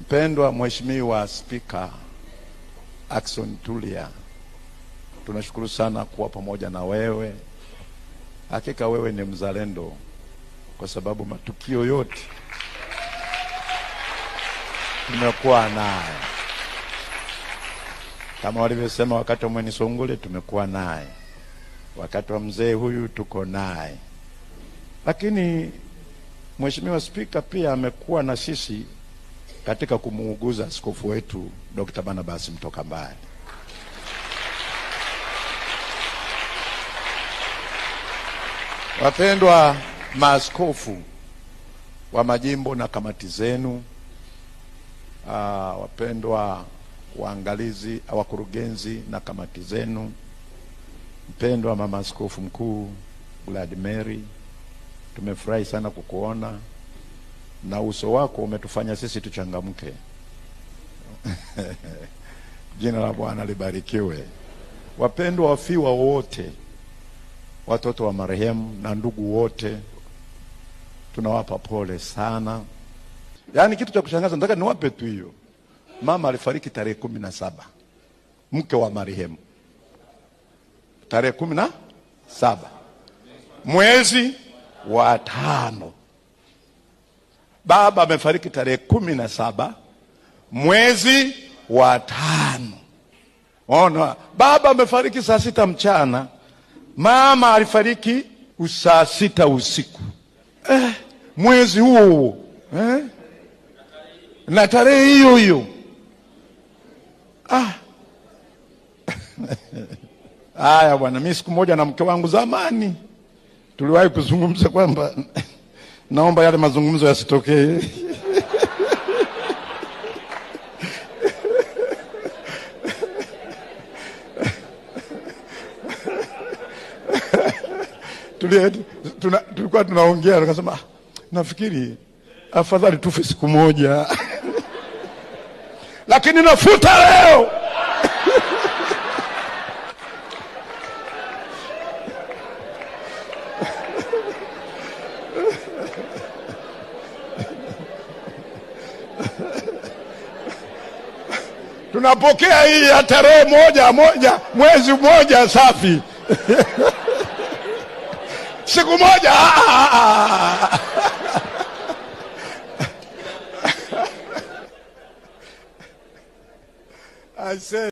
Mpendwa Mheshimiwa Spika Ackson Tulia, tunashukuru sana kuwa pamoja na wewe. Hakika wewe ni mzalendo, kwa sababu matukio yote tumekuwa naye, kama walivyosema wakati wa Mweni Songole tumekuwa naye, wakati wa mzee huyu tuko naye, lakini Mheshimiwa Spika pia amekuwa na sisi katika kumuuguza askofu wetu Dr. Barnabas mbali Wapendwa maaskofu wa majimbo na kamati zenu, uh, wapendwa waangalizi, wakurugenzi na kamati zenu, mpendwa mama askofu mkuu Glad Mary, tumefurahi sana kukuona na uso wako umetufanya sisi tuchangamke. Jina la Bwana libarikiwe. Wapendwa wafiwa wote, watoto wa marehemu na ndugu wote, tunawapa pole sana. Yaani kitu cha kushangaza, nataka niwape tu hiyo, mama alifariki tarehe kumi na saba, mke wa marehemu, tarehe kumi na saba mwezi wa tano Baba amefariki tarehe kumi na saba mwezi wa tano. Ona, baba amefariki saa sita mchana, mama alifariki saa sita usiku eh, mwezi huo eh, na tarehe hiyo hiyo ah. Haya bwana, mi siku moja na mke wangu zamani tuliwahi kuzungumza kwamba naomba yale mazungumzo yasitokee. Tuna, tulikuwa tunaongea tukasema, ah, nafikiri afadhali tufe siku moja lakini nafuta leo tunapokea hii ya tarehe moja moja mwezi moja safi siku moja I said